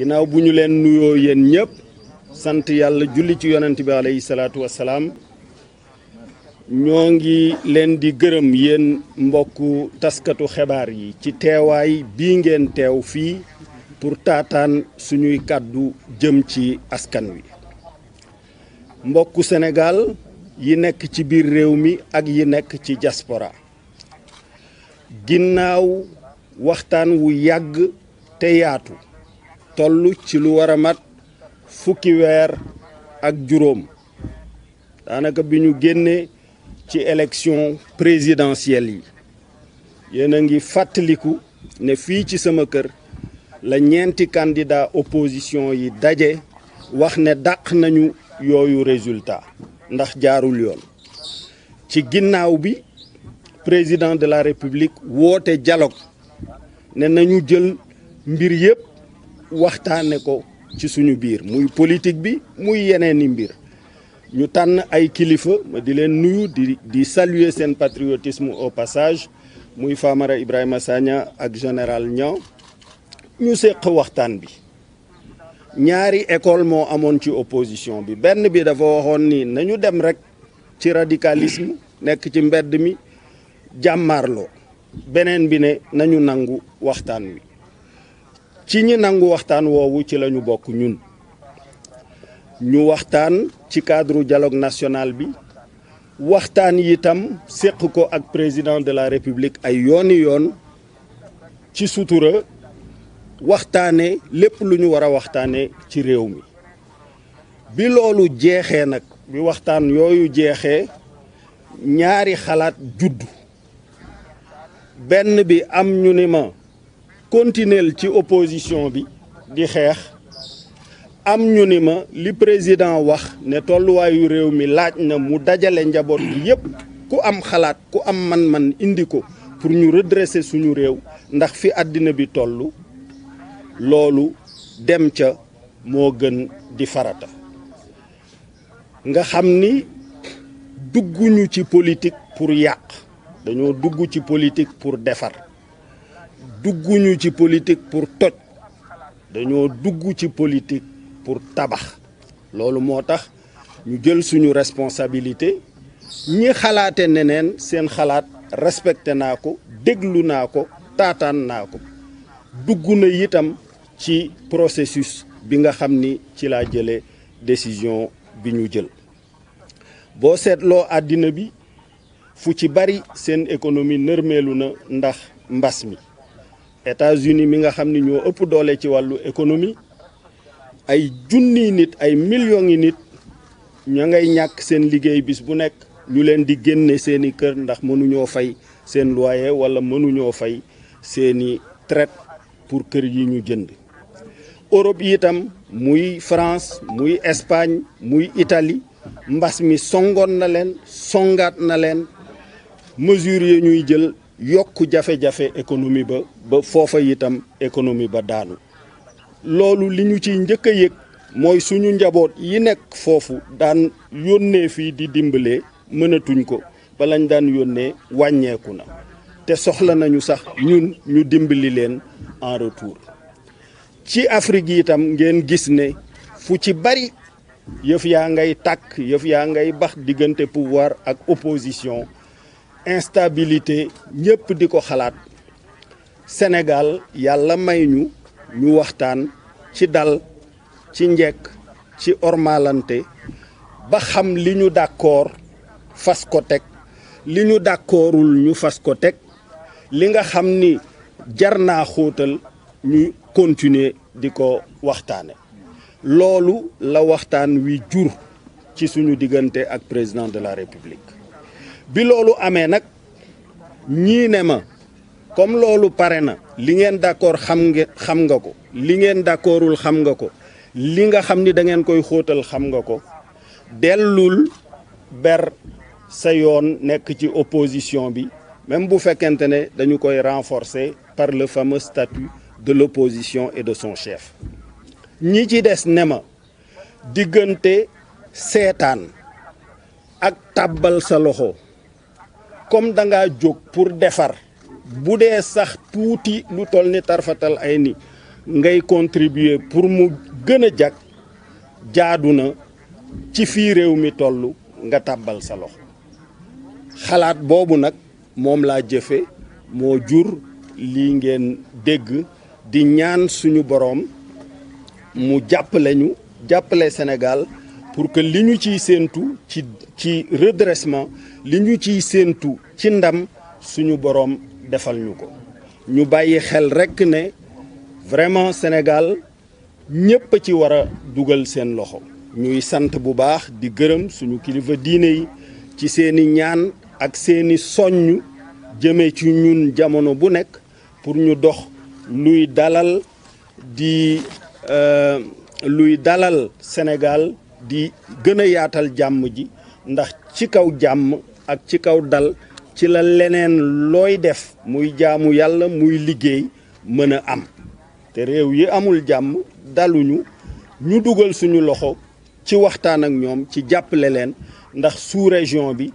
ginnaaw bu ñu leen nuyoo yéen ñëpp sant yàlla julli ci yonent bi aleyhi salaatu wassalaam ñoo ngi leen di gërëm yéen mbokk taskatu xibaar yi ci teewaay bii ngeen teew fii pour taataan suñuy kàddu jëm ci askan wi mbokku senegaal yi nekk ci biir réew mi ak yi nekk ci diaspora ginnaaw waxtaan wu yàgg te yaatu toll ci lu war a mat fukki weer ak juróom daanaka bi ñu génnee ci élection présidentielle yi yéen a ngi fàttaliku ne fii ci sama kër la ñeenti candidat opposition yi daje wax ne dàq nañu yooyu résultat ndax jaarul yoon ci ginnaaw bi président de la république woote dialogue ne nañu jël mbir yépp waxtaane ko ci suñu biir muy politique bi muy yeneen i mbir ñu tànn ay kilifa ma di leen nuyu di di saluer seen patriotisme au passage muy Famara Ibrahima saña ak général Niang ñu seq waxtaan bi ñaari école moo amoon ci opposition bi benn bi dafa waxoon ni nañu dem rek ci radicalisme nekk ci mbedd mi jàmmaarloo beneen bi ne nañu nangu waxtaan wi ci ñi nangu waxtaan woowu ci lañu bokk ñun ñu waxtaan ci cadre jaloog national bi waxtaan yi itam séq ko ak président de la république ay yooni yoon ci sutura waxtaane lépp lu ñu war a waxtaane ci réew mi bi loolu jeexee nag bi waxtaan yooyu jeexee ñaari xalaat juddu benn bi am ñu ni ma continuer ci opposition bi di xeex am ñu ni ma li président wax ne tolluwaayu réew mi laaj na mu dajale njaboot bi yépp ku am xalaat ku am man-man indi ko pour ñu redresser suñu réew ndax fi àddina bi toll loolu dem ca moo gën di farata nga xam ni dugguñu ci politique pour yàq dañoo dugg ci politique pour defar dugguñu ci politique pour toj dañoo dugg ci politique pour tabax loolu moo tax ñu jël suñu responsabilité ñi xalaate neneen seen xalaat respecté naa ko déglu naa ko taataan naa ko dugg na itam ci processus bi nga xam ni ci laa jëlee décision bi ñu jël boo seetloo àddina bi fu ci bari seen économie nërmeelu na ndax mbas mi États-Unis mi nga xam ni ñoo ëpp doole ci wàllu économie ay junniy nit ay million yi nit ña ngay ñàkk seen liggéey bis bu nekk ñu leen di génne seeni kër ndax mënuñoo fay seen loyer walla mënuñoo fay seeni trait pour kër yi ñu jënd Europe yi itam muy France muy Espagne muy itali mbas mi songoon na leen songaat na leen mesures yi ñuy jël yokk jafe-jafe économie ba ba foofa itam économie ba daanu loolu li ñu ciy njëkk a yëg mooy suñu njaboot yi nekk foofu daan yónnee fii di dimbalee mënatuñ ko ba lañ daan yónnee wàññeeku na te soxla nañu sax ñun ñu dimbali leen en retour ci Afrique itam ngeen gis ne fu ci bari yëf yaa ngay tàkk yëf yaa ngay bax diggante pouvoir ak opposition instabilité ñëpp di ko xalaat Sénégal yàlla may ñu ñu waxtaan ci dal ci njekk ci ormalante ba xam li ñu d'accord fas ko teg li ñu d'accordul ñu fas ko teg li nga xam ni jar naa xóotal ñu continuer di ko waxtaane loolu la waxtaan wi jur ci suñu diggante ak président de la république bi loolu amee nag ñii ne ma comme loolu pare na li ngeen d'accord xam nga xam nga ko li ngeen d'accordul xam nga ko li nga xam ni da ngeen koy xóotal xam nga ko dellul ber sa yoon nekk ci opposition bi même bu fekkente ne dañu koy renforcer par le fameux statut de l'opposition et de son chef ñi ci des ne ma diggante seetaan ak tàbbal sa loxo comme da ngaa jóg pour defar bu dee sax tuuti lu toll ni tarfatal ay ni ngay contribuer pour mu gën a jag jaadu na ci fii réew mi tollu nga tàbbal sa loxo xalaat boobu nag moom laa jëfe moo jur lii ngeen dégg di ñaan suñu boroom mu jàppale ñu jàppale Sénégal pour que li ñu ciy séentu ci ci redressement li ñu ciy séentu ci ndam suñu boroom defal ñu ko ñu bàyyi xel rekk ne vraiment Sénégal ñépp ci war a dugal seen loxo ñuy sant bu baax di gërëm suñu kilifa diine yi ci seeni ñaan ak seeni soññ jëme ci ñun jamono bu nekk pour ñu dox luy dalal di euh, luy dalal Sénégal di gën a yaatal jàmm ji ndax ci kaw jàmm ak ci kaw dal ci la leneen looy def muy jaamu yàlla muy liggéey mën a am te réew yi amul jàmm daluñu ñu dugal suñu loxo ci waxtaan ak ñoom ci jàppale leen ndax sous-région bi